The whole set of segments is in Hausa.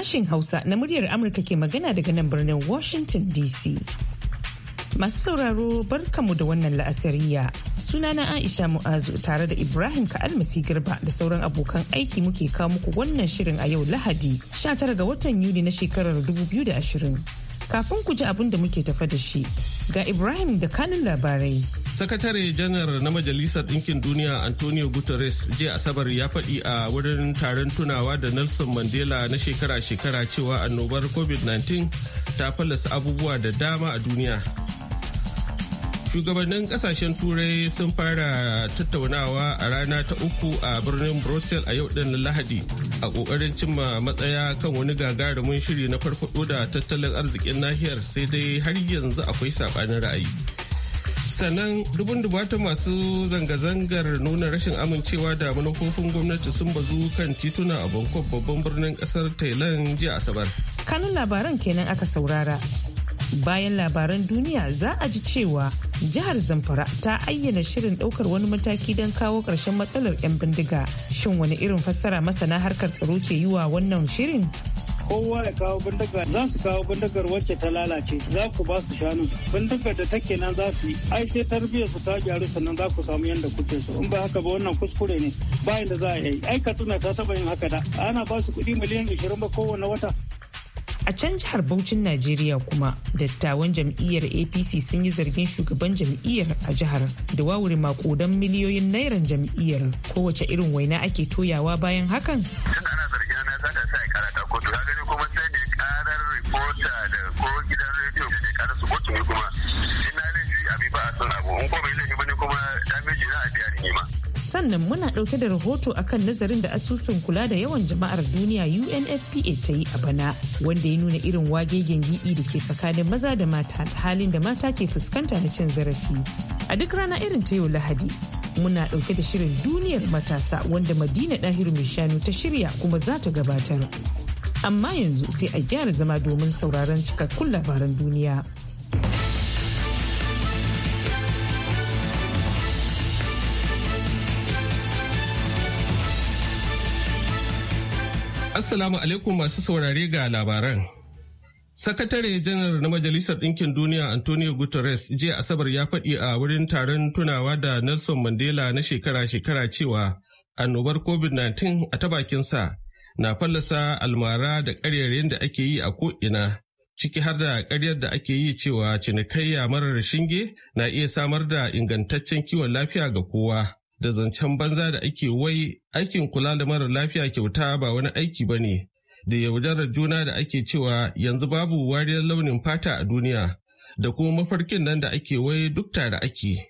sashen Hausa na muryar Amurka ke magana daga nan birnin Washington DC. Masu sauraro barkamu da wannan la'asariya. Sunana Aisha Mu'azu tare da Ibrahim Ka'almasi Garba da sauran abokan aiki muke kawo muku wannan shirin a yau Lahadi 19 ga watan Yuli na shekarar 2020. Kafin ku ji abin da muke tafa da shi, ga Ibrahim da kanin labarai. sakatare janar na majalisar ɗinkin duniya antonio guterres jiya asabar ya faɗi a wurin taron tunawa da nelson mandela na shekara-shekara cewa annobar covid-19 ta fallasa abubuwa da dama a duniya shugabannin kasashen turai sun fara tattaunawa a rana ta uku a birnin brussels a yau ɗin lahadi a ƙoƙarin cimma matsaya kan wani gagarumin shiri na farfado da tattalin arzikin nahiyar sai dai har yanzu akwai saɓanin ra'ayi sannan dubun dubata masu zanga-zangar nuna rashin amincewa da manufofin gwamnati sun bazu kan tituna a bangkok babban birnin kasar thailand jiya asabar kanun labaran kenan aka saurara bayan labaran duniya za a ji cewa jihar zamfara ta ayyana shirin daukar wani mataki don kawo ƙarshen matsalar 'yan bindiga shin wani irin fassara masana harkar tsaro ke yi wa wannan shirin kowa ya kawo bindigar za su kawo bindigar wacce ta lalace za ku ba su shanu bindigar da take nan za su yi ai sai tarbiyyar su ta gyaru sannan za ku samu yadda kuke so in ba haka ba wannan kuskure ne bayan da za a yi ai katsina ta taba yin haka da ana ba su kuɗi miliyan ishirin ba kowane wata a can jihar Bauchin Najeriya kuma dattawan jam'iyyar APC sun yi zargin shugaban jam'iyyar a jihar da wawure makodan miliyoyin nairan jam'iyyar kowace irin waina ake toyawa bayan hakan. ana sannan muna ɗauke da rahoto akan nazarin da asusun kula da yawan jama'ar duniya unfpa ta yi a bana wanda ya nuna irin wage giɗi da ke tsakanin maza da mata halin da mata ke fuskanta na cin zarafi a duk rana irin ta yau lahadi muna ɗauke da shirin duniyar matasa wanda madina dahir mishanu ta shirya kuma za ta gabatar amma yanzu sai a gyara zama domin sauraron cikakkun labaran duniya. Assalamu alaikum masu saurare ga labaran. Sakatare janar na Majalisar Ɗinkin Duniya Antonio Guterres jiya Asabar ya faɗi a wurin taron tunawa da Nelson Mandela na shekara-shekara cewa annobar COVID-19 a ta bakinsa na fallasa almara da ƙaryar da ake yi a ko'ina ciki har da ƙaryar da ake yi cewa cinikayya marar shinge na iya samar da ingantaccen kiwon lafiya ga kowa. da zancen banza da ake wai aikin kula da mara lafiya kyauta ba wani aiki ba ne da yaudarar juna da ake cewa yanzu babu wariyar launin fata a duniya da kuma mafarkin nan da ake wai duk tare ake.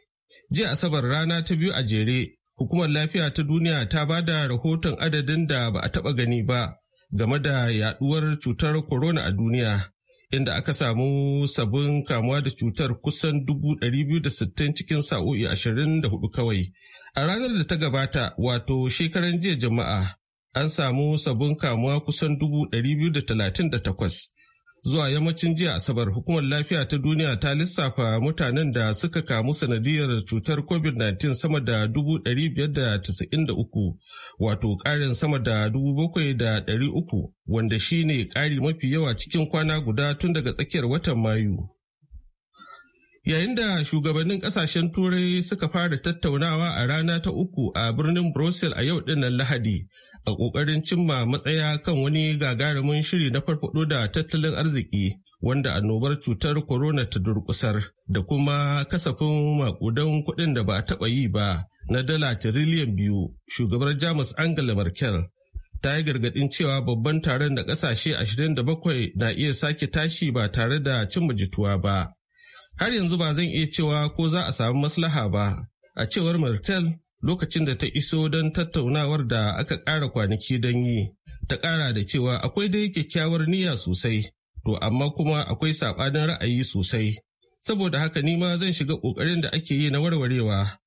Jiya Asabar rana ta biyu a jere, hukumar lafiya ta duniya ta ba da rahoton adadin da ba a taba gani ba game da yaduwar cutar corona a duniya inda aka samu sabbin kamuwa da cutar kusan 260 cikin sa'o'i 24 kawai. A ranar da ta gabata wato shekaran jiya jama'a an samu sabbin kamuwa kusan 238 zuwa yammacin jiya asabar hukumar lafiya ta duniya ta lissafa mutanen da suka kamu sanadiyar cutar covid-19 sama da 593 wato karin sama da 7,300 wanda shi ne kari mafi yawa cikin kwana guda tun daga tsakiyar watan mayu yayin da shugabannin kasashen turai suka fara tattaunawa a rana ta uku a birnin brussels a yau dinnan lahadi a ƙoƙarin cimma matsaya kan wani gagarumin shiri na farfado da tattalin arziki wanda annobar cutar corona ta durƙusar da kuma kasafin maƙudan kuɗin da ba a taɓa yi ba na dala tiriliyan biyu shugabar jamus angela merkel ta yi gargaɗin cewa babban taron da ƙasashe 27 na iya sake tashi ba tare da cimma jituwa ba har yanzu ba zan iya cewa ko za a samu maslaha ba a cewar merkel lokacin da ta iso don tattaunawar da aka ƙara kwanaki don yi ta ƙara da cewa akwai dai kyakkyawar niyya sosai to amma kuma akwai saɓanin ra'ayi sosai saboda haka nima zan shiga ƙoƙarin da ake yi na warwarewa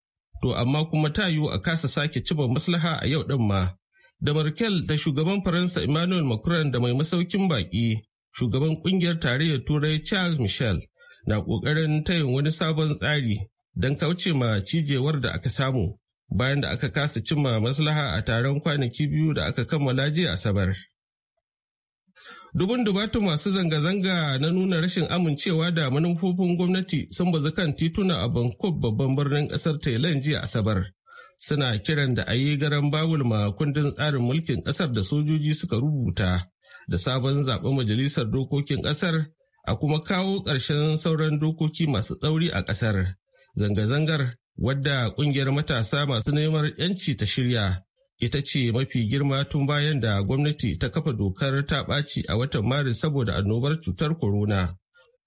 to amma kuma ta yiwu a kasa sake cimma maslaha a yau ɗin ma da Merkel da shugaban Faransa Emmanuel Macron da mai masaukin baƙi shugaban ƙungiyar tarayyar Turai Charles Michel na ƙoƙarin tayin wani sabon tsari don kauce ma cijewar da aka samu bayan da aka kasa cimma maslaha a taron kwanaki biyu da aka kammala jiya asabar. Dubun dubatu masu zanga-zanga na nuna rashin amincewa da manufofin gwamnati sun bazu kan tituna a Bangkok babban birnin ƙasar Thailand jiya Asabar. Suna kiran da a yi garan bawul ma kundin tsarin mulkin ƙasar da sojoji suka rubuta da sabon zaɓen majalisar dokokin ƙasar a kuma kawo ƙarshen sauran dokoki masu tsauri a ƙasar. Zanga-zangar wadda kungiyar matasa masu neman 'yanci ta shirya ita ce mafi girma tun bayan da gwamnati ta kafa dokar ta ɓaci a watan maris saboda annobar cutar corona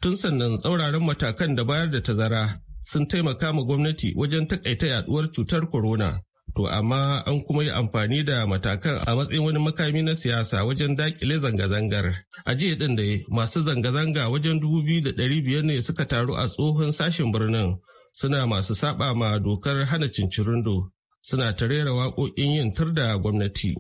tun sannan tsauraran matakan da bayar da tazara sun taimaka ma gwamnati wajen takaita yaduwar cutar corona to amma an kuma yi amfani da matakan a matsayin wani makami na siyasa wajen dakile zanga-zangar a jiya din da masu zanga-zanga wajen dubu biyu da ɗari biyar ne suka taru a tsohon sashen birnin suna masu saba ma dokar hana cincirindo suna ta rera waƙoƙin yin tar da gwamnati.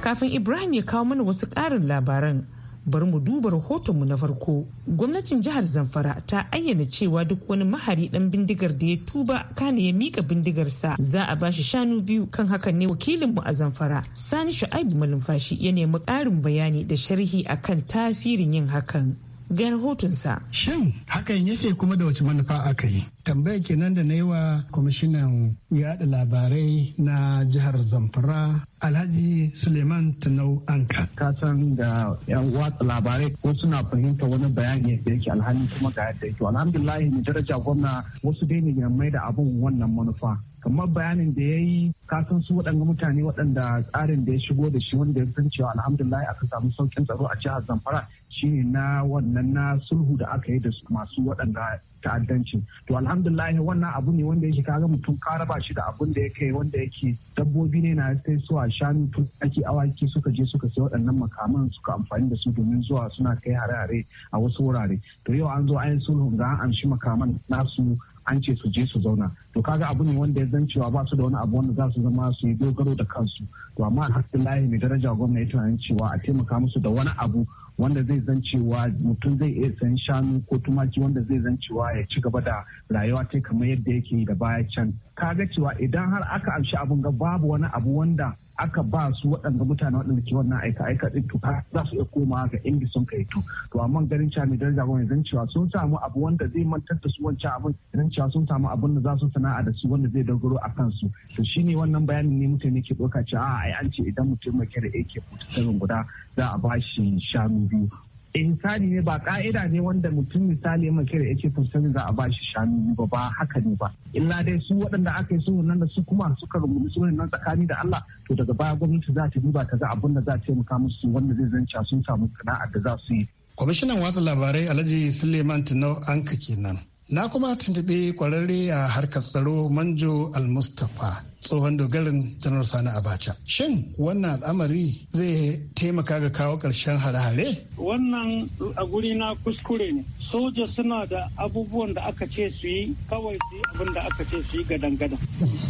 Kafin Ibrahim ya kawo mana wasu ƙarin labaran, bari mu duba rahotonmu na farko. Gwamnatin jihar Zamfara ta ayyana cewa duk wani mahari ɗan bindigar da ya tuba kane ya mika bindigarsa za a bashi shanu biyu kan hakan ne wakilinmu a Zamfara. Sani Shu'aibu Malumfashi ya nemi ƙarin bayani da sharhi akan tasirin yin hakan. ga rahotonsa. Shin hakan yake kuma da wace manufa aka yi? Tambaya kenan da na yi wa kwamishinan yaɗa labarai na jihar Zamfara Alhaji Suleiman Tunau Anka. Ka san da yan watsa labarai ko suna fahimta wani bayani da yake alhali kuma ga yadda yake. Alhamdulillahi mu daraja gwamna wasu dai ne mai da abun wannan manufa. kamar bayanin da ya yi kasan su waɗanda mutane waɗanda tsarin da ya shigo da shi wanda ya san cewa alhamdulillah aka samu saukin tsaro a jihar zamfara Shi ne na wannan na sulhu da aka yi da masu waɗanda ta'addanci to alhamdulillah wannan abu ne wanda yake kaga mutum karaba shi da abun da yake wanda yake dabbobi ne na sai a shanu tun ake awaki suka je suka sai waɗannan makaman suka amfani da su domin zuwa suna kai hare-hare a wasu wurare to yau an zo an sulhu ga an amshi makaman nasu an ce su je su zauna to kaga abu ne wanda ya zan cewa ba su da wani abu wanda za su zama su yi dogaro da kansu to amma alhamdulillah mai daraja gwamnati tunanin cewa a taimaka musu da wani abu wanda zai zan cewa mutum zai iya sayan shanu ko tumaki wanda zai zan cewa ya ci gaba da rayuwa ta kamar yadda yake da baya can ka ga cewa idan har aka amshi abun ga babu wani abu wanda aka ba su waɗanda mutane waɗanda ke wannan aika aika din to za su iya komawa ga inda sun kai to to amma garin cewa mai daraja wani zan cewa sun samu abu wanda zai mantar da su wancan abin zan cewa sun samu abin da za su sana'a da su wanda zai dogaro a kansu to shi ne wannan bayanin ne mutane ke ɗauka cewa a ai an ce idan mutum mai kere ak fita guda za a ba shi shanu biyu insani ne ba ka'ida ne wanda mutum misali ya kira ya ce to sai za a ba shi shanu ba ba haka ne ba illa dai su waɗanda aka yi su nan da su kuma suka rubuta su nan tsakani da Allah to daga baya gwamnati za ta duba ta ga abin da za ta muka musu wanda zai zanca sun samu kana'a da za su yi kwamishinan watsa labarai alhaji suleiman an anka kenan na kuma tuntube kwararre a harkar tsaro manjo al tsohon dogarin janar sani abacha shin wannan al'amari zai taimaka ga kawo ƙarshen hare-hare wannan a guri na kuskure ne soja suna da abubuwan da aka ce su yi kawai su yi abin da aka ce su yi gadan-gadan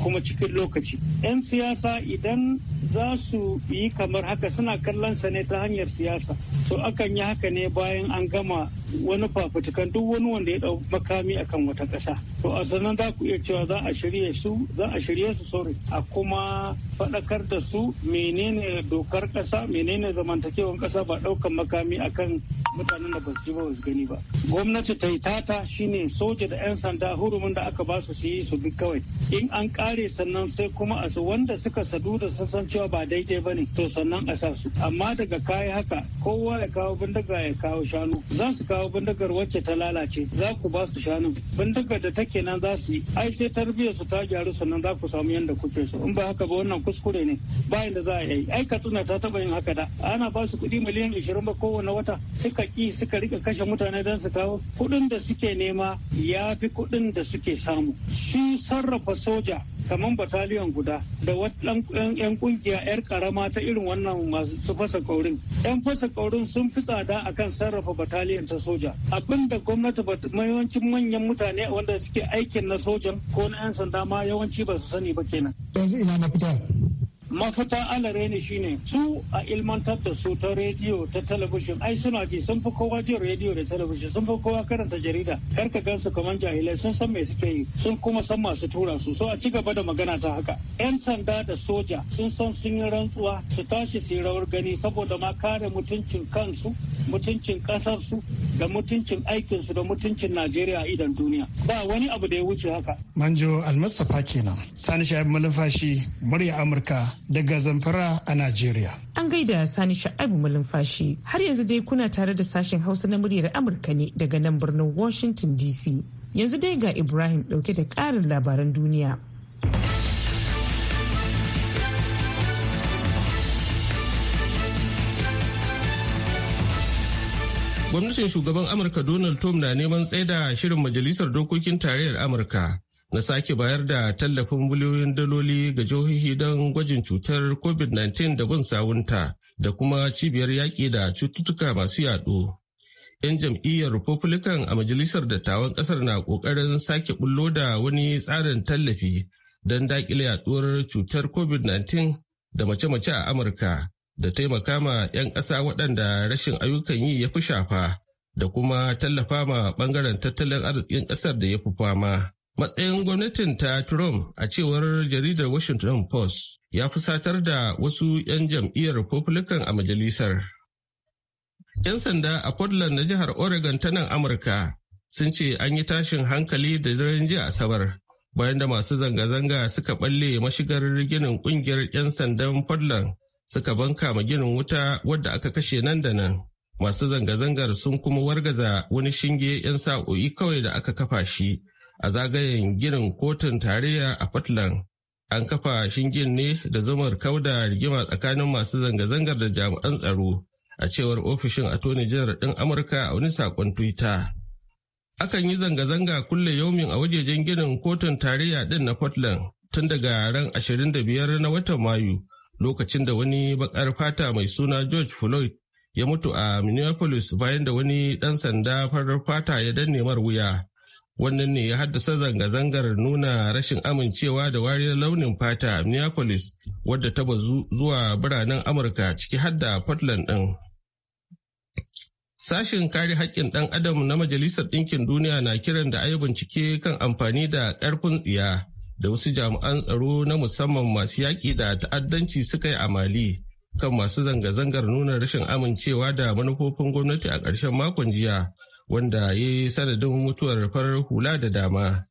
kuma cikin lokaci 'yan siyasa idan za su yi kamar haka suna kallon sa ne ta hanyar siyasa to akan yi haka ne bayan an gama wani fafutukan duk wani wanda ya dau makami akan wata ƙasa to a sannan za ku iya cewa za a shirye su za a shirye su aure a kuma faɗakar da su menene dokar ƙasa menene zamantakewar ƙasa ba ɗaukan makami akan mutanen da ba su ba su gani ba gwamnati ta yi tata shine soja da 'yan sanda hurumin da aka ba su su yi su bi kawai in an kare sannan sai kuma a su wanda suka sadu da sun san cewa ba daidai ba ne to sannan a sa su amma daga kaya haka kowa ya kawo bindiga ya kawo shanu za su kawo bindigar wacce ta lalace za ku ba su shanu bindigar da take nan za su yi ai sai tarbiyyar su ta gyaru sannan za ku samu yanda da kuke so in ba haka ba wannan kuskure ne ba da za a yi ai katsina ta taba yin haka da ana ba su kuɗi miliyan 20 ba kowane wata suka ki suka rika kashe mutane don su kawo kuɗin da suke nema ya fi kuɗin da suke samu shi sarrafa soja kamar bataliyon guda da wadan yan kungiya yar karama ta irin wannan masu fasa kaurin yan fasa kaurin sun fi tsada akan sarrafa bataliyon ta soja abinda gwamnati yawancin manyan mutane wanda suke aikin na sojan ko na yan sanda ma yawanci ba su sani ba kenan yanzu ina fita mafita alare ne shine su a ilmantar da su ta rediyo ta talabishin ai suna ji sun fi kowa jin rediyo da talabishin sun fi kowa karanta jarida kar ka gansu kamar jahilai sun san me suke yi sun kuma san masu tura su so a ci gaba da magana ta haka yan sanda da soja sun san sun yi rantsuwa su tashi su rawar gani saboda ma kare mutuncin kansu mutuncin kasar su da mutuncin aikin su da mutuncin najeriya a idan duniya ba wani abu da ya wuce haka manjo almasafa kenan sani shahab malafashi murya amurka daga Zamfara a Najeriya. An gaida Sani Sha'abu Malumfashi har yanzu dai kuna tare da sashen Hausa na muryar Amurka ne daga nan birnin Washington DC. Yanzu dai ga Ibrahim ɗauke da ƙarin labaran duniya. Gwamnatin shugaban Amurka Donald Trump na neman tsaida shirin Majalisar Dokokin Tarayyar Amurka na sake bayar da tallafin miliyoyin daloli ga jihohi don gwajin cutar covid-19 da bin sawunta da kuma cibiyar yaƙi da cututtuka masu yaɗo. 'Yan jam'iyyar Republican a majalisar dattawan ƙasar na ƙoƙarin sake bullo da wani tsarin tallafi don daƙile yaɗuwar cutar covid-19 da mace-mace a Amurka da taimaka ma 'yan ƙasa waɗanda rashin ayyukan yi ya fi shafa da kuma tallafa ma ɓangaren tattalin arzikin ƙasar da ya fi fama. Matsayin gwamnatin ta Trump a cewar jaridar Washington Post ya fusatar da wasu 'yan jam'iyyar Republican a majalisar. 'Yan sanda a Portland na jihar Oregon ta nan Amurka sun ce an yi tashin hankali da daren jiya Asabar bayan da masu zanga-zanga suka balle mashigar ginin kungiyar 'yan sandan Portland suka banka ma ginin wuta wadda aka kashe nan da nan. Masu zanga-zangar sun kuma wargaza wani shinge 'yan sa'o'i kawai da aka kafa shi. a zagayen ginin kotun tarayya a Portland. An kafa shingen ne da zamar kauda rigima tsakanin masu zanga-zangar da jami'an tsaro a cewar ofishin attorney general ɗin Amurka a wani saƙon Twitter. Akan yi zanga-zanga kulle yaumin a wajejen ginin kotun tarayya ɗin na Portland tun daga ran 25 na watan Mayu lokacin da wani bakar fata mai suna George Floyd ya mutu a Minneapolis bayan da wani ɗan sanda farar fata ya danne mar wuya. Wannan ne ya haddasa zanga-zangar nuna rashin amincewa da wariyar launin fata a Minneapolis wadda ta bazu zuwa biranen Amurka ciki hadda Portland ɗin. Sashen kare haƙƙin ɗan adam na Majalisar Ɗinkin Duniya na kiran da ayi bincike kan amfani da ƙarfin tsiya da wasu jami'an tsaro na musamman masu yaƙi da ta'addanci suka yi a Mali kan masu zanga-zangar nuna rashin amincewa da manufofin gwamnati a ƙarshen makon jiya wanda ya yi sanadin mutuwar farar hula da dama.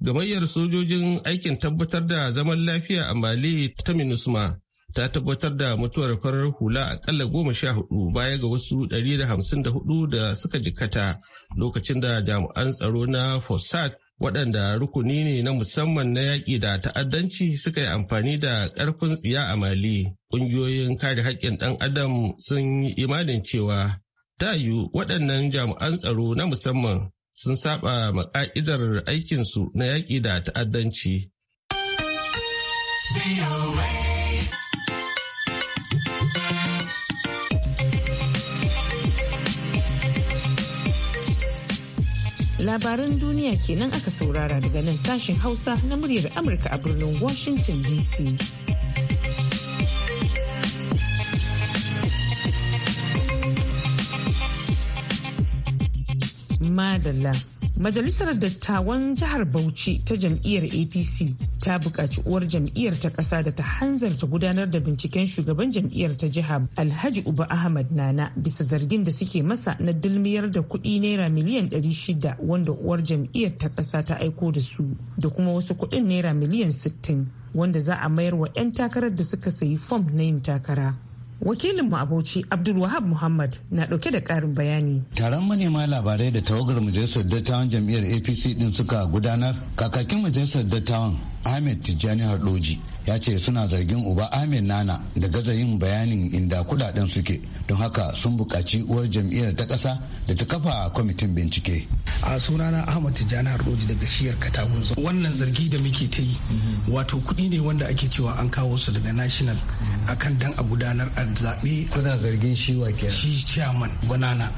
Gamayyar sojojin aikin tabbatar da zaman lafiya a Mali ta Minusma ta tabbatar da mutuwar farar hula akalla goma sha hudu baya ga wasu ɗari da hamsin da hudu da suka jikata lokacin da jami'an tsaro na fossat waɗanda rukuni ne na musamman na yaƙi da ta'addanci suka yi amfani da ƙarfin tsiya a Mali. Ƙungiyoyin kare haƙƙin ɗan Adam sun yi imanin cewa ta yiwu waɗannan jami'an tsaro na musamman sun saba maƙa'idar aikinsu na yaƙi da ta'addanci. Labaran duniya kenan aka saurara daga nan sashen Hausa na muryar Amurka a birnin Washington DC. madalla majalisar dattawan jihar bauchi ta jam'iyyar apc ta buƙaci uwar jam'iyyar ta ƙasa da ta hanzarta gudanar da binciken shugaban jam'iyyar ta jiha alhaji uba ahmad nana bisa zargin da suke masa na dulmiyar da kuɗi naira miliyan 600 wanda uwar jam'iyyar ta ƙasa ta aiko da su da kuma wasu kuɗin naira miliyan 60 wanda za a mayar wa 'yan takarar da suka sayi fom na yin takara wakilin mu abauci abdulwahab muhammad na dauke da karin bayani taron manema labarai da tawagar majalisar dattawan jam'iyyar apc din suka gudanar kakakin majalisar dattawan ahmed tijjani doji ya ce suna zargin uba ahmed nana da gaza yin bayanin inda kudaden suke don haka sun buƙaci uwar jam'iyyar ta ƙasa da ta kafa kwamitin bincike a sunana ahmad tijjani da daga shiyar katagun wannan zargi da muke ta yi wato kuɗi ne wanda ake cewa an kawo su daga national akan dan a gudanar a zaɓe kuna zargin shi wa shi chairman banana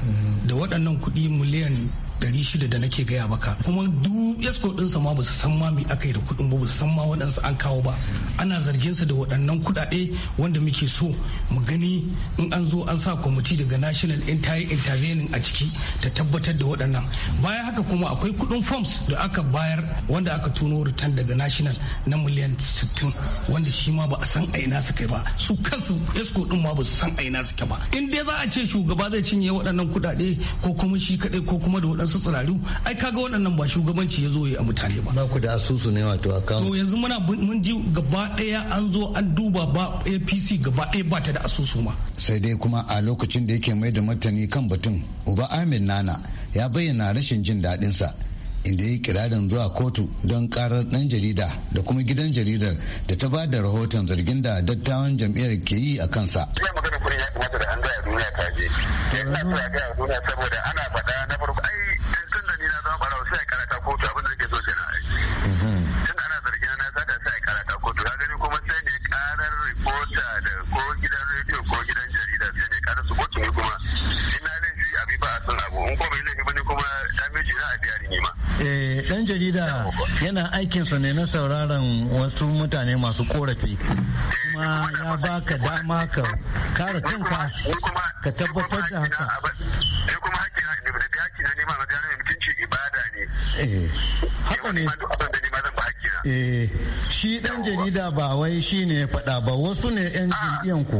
da waɗannan kuɗi miliyan dari shida da nake gaya maka kuma duk din sa ma ba su san ma mi aka yi da kuɗin ba ba su san ma waɗansu an kawo ba ana zargin sa da waɗannan kuɗaɗe wanda muke so mu gani in an zo an sa kwamiti daga national entire intervening a ciki ta tabbatar da waɗannan bayan haka kuma akwai kuɗin forms da aka bayar wanda aka tuno return daga national na miliyan 60 wanda shi ma ba a san a ina suka ba su kansu yasko din ma ba su san a ina suka ba in dai za a ce shugaba zai cinye waɗannan kuɗaɗe ko kuma shi kaɗai ko kuma da waɗansu waɗansu tsirarru ai kaga waɗannan ba shugabanci ya zo yi a mutane ba. Naku da asusu ne wato a To yanzu muna mun ji gaba ɗaya an zo an duba ba APC gaba ɗaya ba ta da asusu ma. Sai dai kuma a lokacin da yake mai da martani kan batun Uba Amin Nana ya bayyana rashin jin daɗinsa inda ya yi kirarin zuwa kotu don karar dan jarida da kuma gidan jaridar da ta ba da rahoton zargin da dattawan jam'iyyar ke yi a kansa. Ina magana kuri ya kamata da an gaya duniya ta je. Ya sa duniya saboda ana faɗa na farko yana aikinsa ne na sauraron wasu mutane masu korafi kuma ya baka dama ka kare kanka ka tabbatar da haka haka ne eh shi dan jarida ba wai shi ne ya faɗa ba wasu ne yan jirgin ku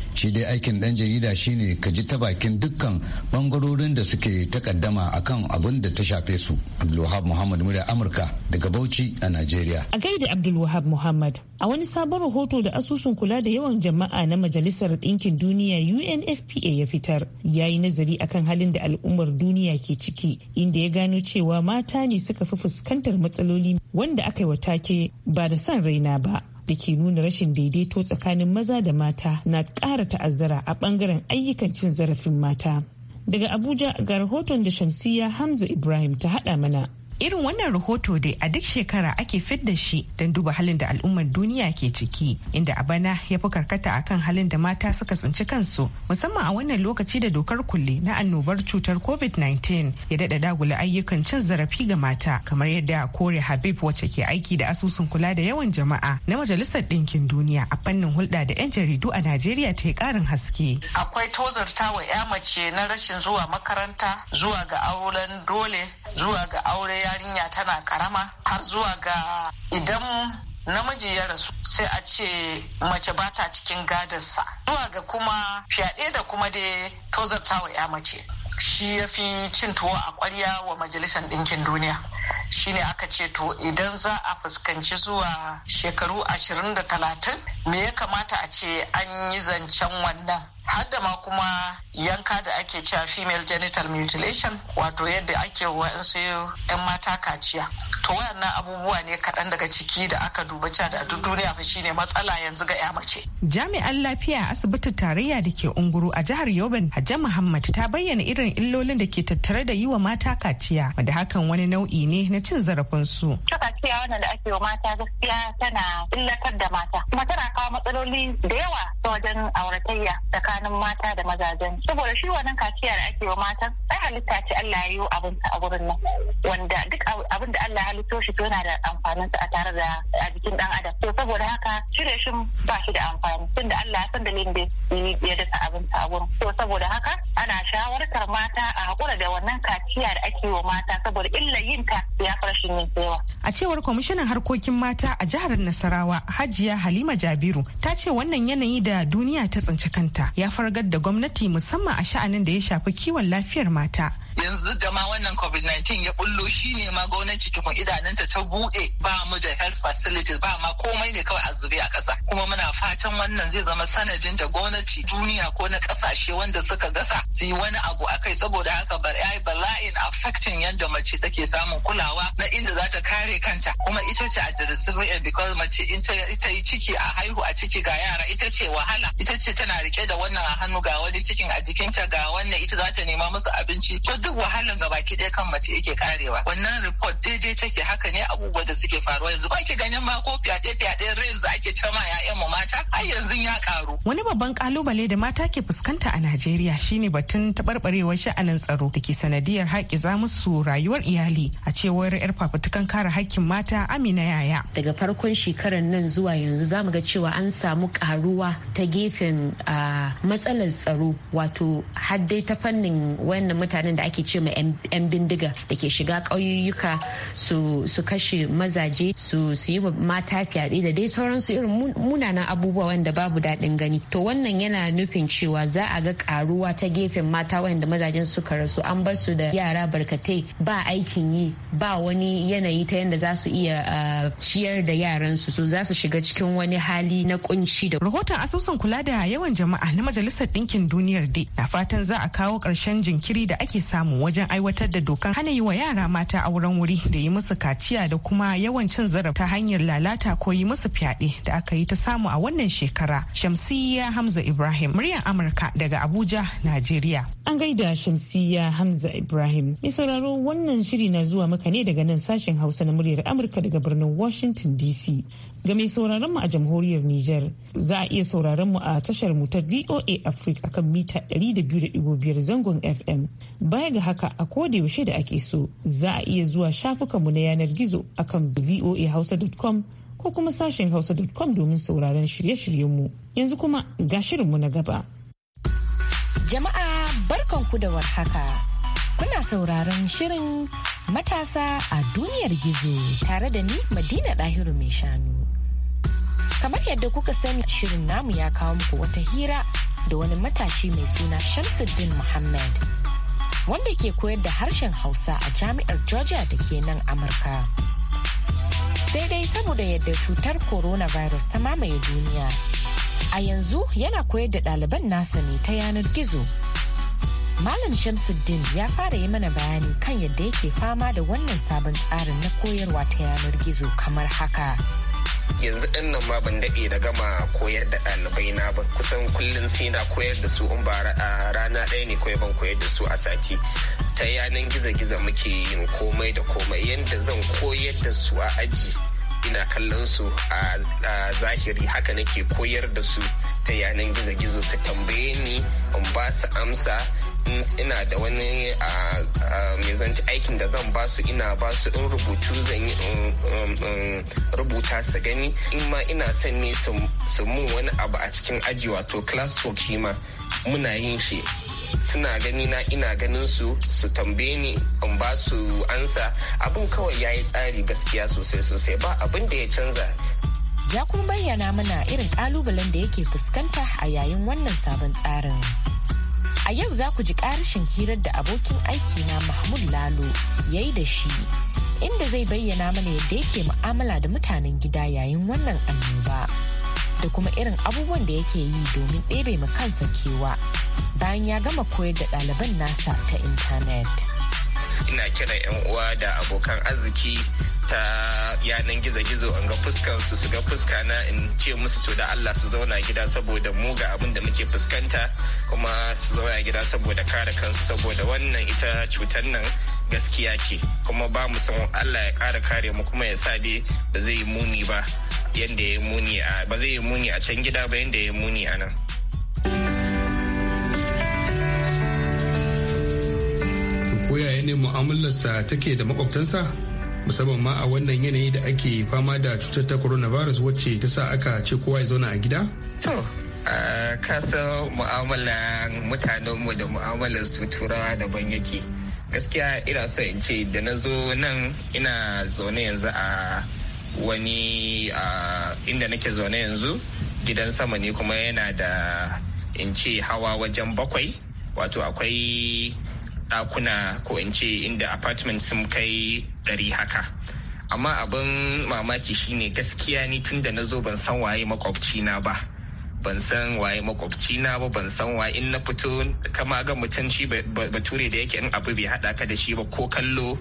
shi dai aikin dan jarida shine ka ji ta bakin dukkan bangarorin da suke takaddama akan abin da ta shafe su abdulwahab muhammad murya amurka daga bauchi a najeriya a gaida abdulwahab muhammad a wani sabon rahoto da asusun kula da yawan jama'a na majalisar ɗinkin duniya unfpa ya fitar ya yi nazari akan halin da al'ummar duniya ke ciki inda ya gano cewa mata ne suka fi fuskantar matsaloli wanda aka yi wa take ba da san raina ba da ke nuna rashin daidaito tsakanin maza da mata na ƙara ta'azzara a ɓangaren ayyukan cin zarafin mata. Daga Abuja ga rahoton da Shamsiyya Hamza Ibrahim ta haɗa mana. Irin wannan rahoto dai a duk shekara ake fidda shi don duba halin da al'ummar duniya ke ciki inda a bana ya fi karkata a kan halin da mata suka tsinci kansu musamman a wannan lokaci da dokar kulle na annobar cutar COVID-19 ya daɗa dagula ayyukan cin zarafi ga mata kamar yadda Kore Habib wacce ke aiki da asusun kula da yawan jama'a na Majalisar Ɗinkin Duniya a fannin hulɗa da 'yan jaridu a Najeriya ta yi ƙarin haske. Akwai tozarta wa 'ya mace na rashin zuwa makaranta zuwa ga auren dole zuwa ga aure yarinya tana karama har zuwa ga idan namiji ya rasu sai a ce mace ba ta cikin gadarsa zuwa ga kuma fyaɗe da kuma dai tozarta wa ya mace shi ya fi cin tuwo a ƙwarya wa majalisar ɗinkin duniya shine aka ce to idan za a fuskanci zuwa shekaru ashirin da talatin me ya kamata a ce an yi zancen wannan hadda ma kuma yanka da ake cewa female genital mutilation wato yadda ake wa'ansu 'yan mata kaciya to wayannan abubuwa ne kaɗan daga ciki da aka duba cewa da duk duniya fa shine matsala yanzu ga 'ya mace jami'an lafiya a asibitin tarayya da ke unguru a jihar yobin hajjan muhammad ta bayyana irin illolin da ke tattare da yi wa mata kaciya wanda hakan wani nau'i ne na cin zarafin su kaciya wannan da ake wa mata gaskiya tana illatar da mata kuma tana kawo matsaloli da yawa ta wajen auratayya da tsakanin mata da mazajen saboda shi wannan kaciya da ake wa mata ai halitta ce Allah ya yi abin a gurin nan wanda duk abin da Allah halitto shi to yana da amfanin sa a tare da a jikin dan adam to saboda haka cire shi ba shi da amfani tunda Allah ya san dalilin da ya dasa abin a gurin to saboda haka ana shawartar mata a hakura da wannan kaciya da ake wa mata saboda illa yin ta ya farashin yin yawa a cewar kwamishinan harkokin mata a jihar Nasarawa Hajiya Halima Jabiru ta ce wannan yanayi da duniya ta tsinci kanta ya fargar da gwamnati musamman a sha'anin da ya shafi kiwon lafiyar mata. yanzu da ma wannan covid-19 ya bullo shi ne ma gwamnati cikin idanunta ta bude ba mu da health facilities ba ma komai ne kawai a zube a kasa kuma muna fatan wannan zai zama sanadin da gwamnati duniya ko na kasashe wanda suka gasa su yi wani abu a kai saboda haka bar ai bala'in affecting yadda mace take samun kulawa na inda za ta kare kanta kuma ita ce at the receiving end because mace in ta yi ciki a haihu a ciki ga yara ita ce wahala ita ce tana rike da wani wannan a hannu ga wani cikin a jikinta ga wannan ita za ta nema musu abinci to duk wahalan ga baki ɗaya kan mace yake karewa wannan report daidai take haka ne abubuwa da suke faruwa yanzu ba ki ganin ma ko fyaɗe fyaɗe rain da ake cama ya'yan mu mata har yanzu ya karu wani babban kalubale da mata ke fuskanta a Najeriya shine batun taɓarɓarewar sha'anin tsaro da ke sanadiyar za musu rayuwar iyali a cewar 'yar fafutukan kare haƙƙin mata Amina Yaya daga farkon shekarar nan zuwa yanzu zamu ga cewa an samu karuwa ta gefen ah, matsalar tsaro wato haddai ta fannin wannan mutanen da ake ce ma 'yan bindiga da ke shiga ƙauyuka su kashe mazaje su yi mata fyaɗe da dai sauransu irin munanan abubuwa wanda babu daɗin gani to wannan yana nufin cewa za a ga karuwa ta gefen mata wanda mazajen suka rasu an bar su da yara barkatai ba aikin yi ba wani yanayi ta yadda za su iya ciyar da yaransu su za su shiga cikin wani hali na kunci da rahoton asusun kula da yawan jama'a na majalisar ɗinkin duniyar dai na fatan za a kawo ƙarshen jinkiri da ake samu wajen aiwatar da dokan hana yi wa yara mata auren wuri da yi musu kaciya da kuma yawan cin zarafi ta hanyar lalata ko yi musu fyaɗe da aka yi ta samu a wannan shekara. Shamsiyya Hamza Ibrahim, muryar Amurka daga Abuja, Najeriya. An gaida Shamsiyya Hamza Ibrahim. Mai sauraro wannan shiri na zuwa maka ne daga nan sashen Hausa na muryar Amurka daga birnin Washington DC. Ga mai sauraron mu a jamhuriyar Nijar za a iya sauraron mu a tashar mu ta VOA Africa kan mita 200.5 zangon FM. Baya ga haka a koda yaushe da ake so za a iya zuwa mu na yanar gizo akan voahausa.com ko kuma sashen hausa.com domin sauraron shirye shiryen mu Yanzu kuma ga mu na gaba. Jama'a barkanku da warhaka. Kuna sauraron shirin matasa a duniyar gizo tare da ni madina ɗahiru mai shanu kamar yadda kuka sani shirin namu ya kawo muku wata hira da wani matashi mai suna shamsuddin muhammad wanda ke koyar da harshen hausa a jami'ar georgia da ke nan amurka sai dai saboda yadda cutar coronavirus ta mamaye duniya a yanzu yana koyar da ɗaliban nasa ne ta yanar gizo Malam Shamsuddin ya fara yi mana bayani kan yadda yake fama da wannan sabon tsarin na koyarwa ta yanar gizo kamar haka. yanzu ɗin nan ma ban daɗe da gama koyar da ɗalibai na ba kusan kullum sai na koyar da su in ba rana ɗaya ne kawai ban koyar da su a sati ta yanar gizo-gizo muke yin komai da komai yadda zan koyar da su a aji ina kallon su a zahiri haka nake koyar da su ta yanar gizo-gizo su tambaye ni in ba su amsa ina da wani mai zanci aikin da zan basu ina basu in rubutu zan yi rubuta su gani in ma ina son ne su mu wani abu a cikin aji wato class talk shi muna yin shi suna gani na ina ganin su su tambaye ni in ba su ansa abin kawai ya yi tsari gaskiya sosai sosai ba abin da ya canza ya kuma bayyana mana irin kalubalen da yake fuskanta a yayin wannan sabon tsarin. A yau za ku ji ƙarashin hirar da abokin aiki na Mahmud Lalo ya yi da shi, inda zai bayyana mana yadda yake mu'amala da mutanen gida yayin wannan annoba, da kuma irin abubuwan da yake yi domin ɗebe ma kansa kewa bayan ya gama koyar da ɗaliban nasa ta intanet. ina kiran yan uwa da abokan arziki ta yanan gizo-gizo an ga fuskan su su ga fuska na in ce musu to da Allah su zauna gida saboda mu ga abin da muke fuskanta kuma su zauna gida saboda kare kansu saboda wannan ita cutar nan gaskiya ce kuma ba mu san Allah ya kara kare mu kuma ya sa dai ba zai yi muni ba yanda ya muni a ba zai yi muni a can gida ba yanda ya muni a nan ko yaya ne mu'amalarsa take da makwabtansa musamman ma a wannan yanayi da ake fama da cutar ta coronavirus wacce ta sa aka ce kowa ya zauna a gida? To, kasar mu'amalar mutanenmu da mu'amalar su turawa daban yake. Gaskiya ina so in ce da na zo nan ina zaune yanzu a wani inda nake zaune yanzu gidan sama ne kuma yana da in ce hawa wajen bakwai wato akwai ɗakuna ko in ce inda apartment sun kai ɗari haka amma abin mamaki shine gaskiya ni tun da na zo ban san waye makwabci na ba ban san waye makwabci na ba ban san waye in na fito kama ga mutum shi bature da yake in abu bai haɗa ka da shi ba ko kallo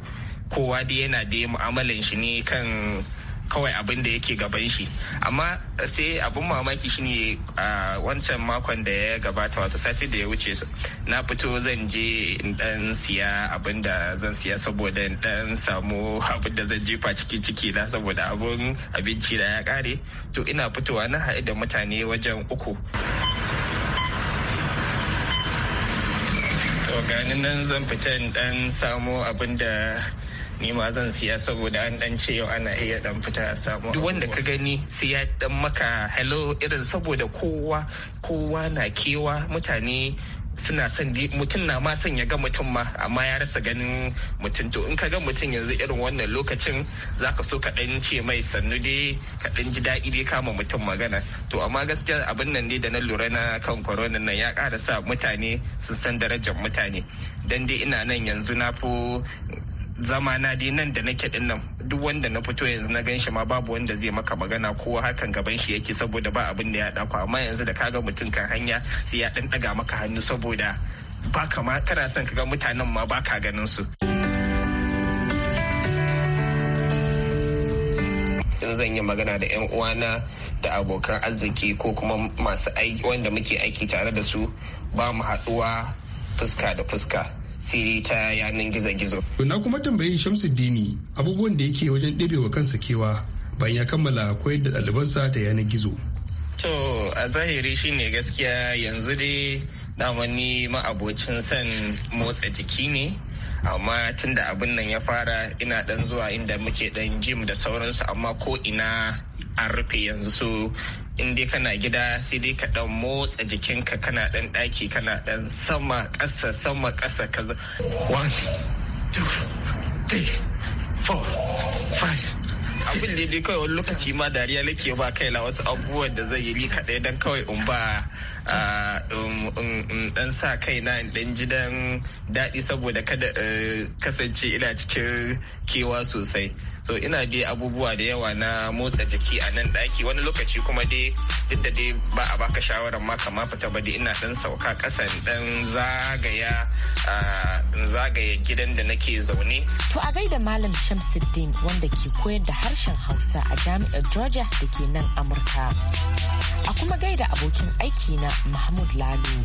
kowa da yana da mu'amalan shi ne kan kawai abin da yake gaban shi amma sai abin mamaki shine a wancan makon da ya gabata wato sati da ya wuce na fito zan je in dan siya abin da zan siya saboda dan samu abin da zan jefa ciki ciki na saboda abin abinci da ya kare to ina fitowa na haɗu da mutane wajen uku to ganin nan zan fita dan samu abin da ni ma zan siya saboda an dan ce yau ana iya dan fita a samu duk wanda ka gani sai ya dan maka hello irin saboda kowa kowa na kewa mutane suna son mutum na ma son ya ga mutum ma amma ya rasa ganin mutum to in ka ga mutum yanzu irin wannan lokacin zaka so ka dan ce mai sannu dai ka dan ji daɗi dai kama mutum magana to amma gaskiya abin nan dai da na lura na kan corona nan ya ƙara sa mutane su san darajar mutane dan dai ina nan yanzu na fi zama na dai nan da nake din nan duk wanda na fito yanzu na gan shi ma babu wanda zai maka magana ko hakan gaban shi yake saboda ba abin da ya dako amma yanzu da kaga mutum kan hanya sai ya dan daga maka hannu saboda ba kama kana son ka mutanen ma ba ka ganin su in zan yi magana da 'yan uwana da abokan arziki ko kuma masu aiki wanda muke aiki tare da su ba mu haɗuwa fuska da fuska siri ta yanar gizo-gizo. Na kuma tambayi Shamsuddini abubuwan da yake wajen ɗebewa kansa kewa bayan ya kammala koyar da ɗalibansa ta yanar gizo. To a zahiri shine gaskiya yanzu dai na ni ma'abocin son motsa jiki ne amma tun da abin nan ya fara ina dan zuwa inda muke dan jim da sauransu amma ko ina an rufe yanzu so in dai kana gida sai dai ka dan motsa jikinka kana dan daki kana dan sama kasa sama ƙasa kaza one two three four five abin da dai kawai wani lokaci ma dariya nake ba kai la wasu abubuwan da zai yi ni kaɗai dan kawai in ba in um, um, um, dan sa kai na in dan ji dan daɗi saboda kada eh, kasance ina cikin kewa sosai so ina di abubuwa da yawa na motsa jiki a nan ɗaki wani lokaci kuma dai duk da dai ba a baka shawarar ma kama fita ba dai ina dan sauka ƙasa dan zagaya zagaya gidan da nake zaune to a gaida malam Shamsuddin wanda ke koyar da harshen Hausa a jami'ar Georgia da ke nan Amurka a kuma gaida abokin aiki na Mahmud Lalu.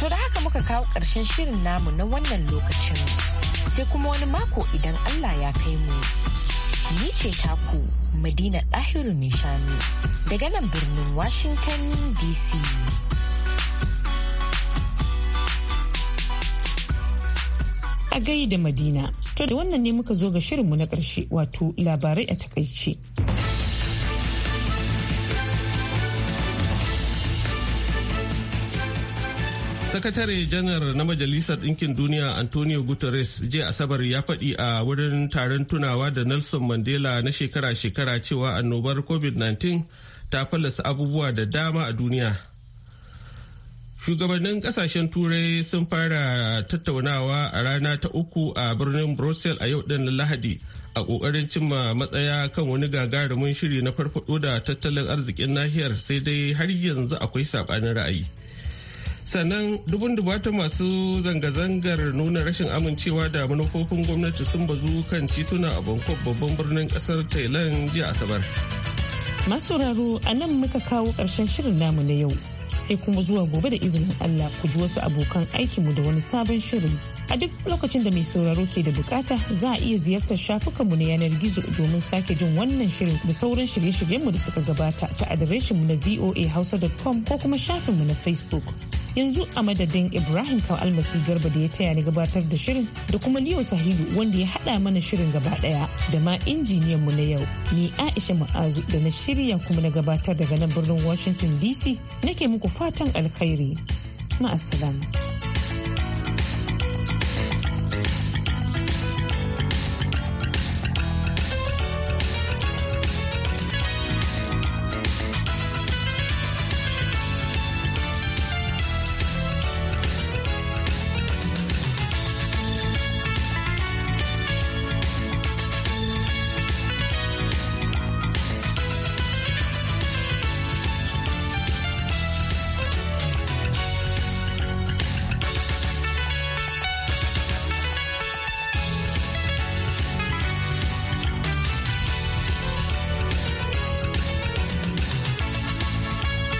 To da haka muka kawo ƙarshen shirin namu na wannan lokacin sai kuma wani mako idan Allah ya kai mu. Ni ce taku Madina Ɗahiru Nishani daga nan birnin Washington DC. A gaida Madina, to da wannan ne muka zo ga shirinmu na ƙarshe wato labarai a takaice. sakatare janar na majalisar ɗinkin duniya antonio guterres jiya asabar ya faɗi a wurin taron tunawa da nelson mandela na shekara-shekara cewa annobar covid-19 ta fallasa abubuwa da dama a duniya shugabannin kasashen turai sun fara tattaunawa a rana ta uku a birnin brussels a yau ɗin lahadi a ƙoƙarin cimma matsaya kan wani gagarumin shiri na farfaɗo da tattalin arzikin nahiyar sai dai har yanzu akwai saɓanin ra'ayi. sannan dubun dubata masu zanga-zangar nuna rashin amincewa da manufofin gwamnati sun bazu kan tituna a bangkok babban birnin kasar thailand jiya asabar masu raro a nan muka kawo ƙarshen shirin namu na yau sai kuma zuwa gobe da izinin allah ku ji wasu abokan aikinmu da wani sabon shirin A duk lokacin da mai sauraro ke da bukata za a iya ziyartar shafukanmu na yanar gizo domin sake jin wannan shirin da sauran shirye-shiryenmu da suka gabata ta mu na voa voahausa.com ko kuma shafinmu na Facebook. Yanzu a madadin Ibrahim Almasi Garba da ya taya ni gabatar da shirin da kuma Liyo sahibu wanda ya haɗa mana shirin gaba ɗaya da ma injiniyan mu na yau. Ni Aisha Ma'azu da na shirya kuma na gabatar daga nan birnin Washington DC nake muku fatan alkhairi. Ma'assalam.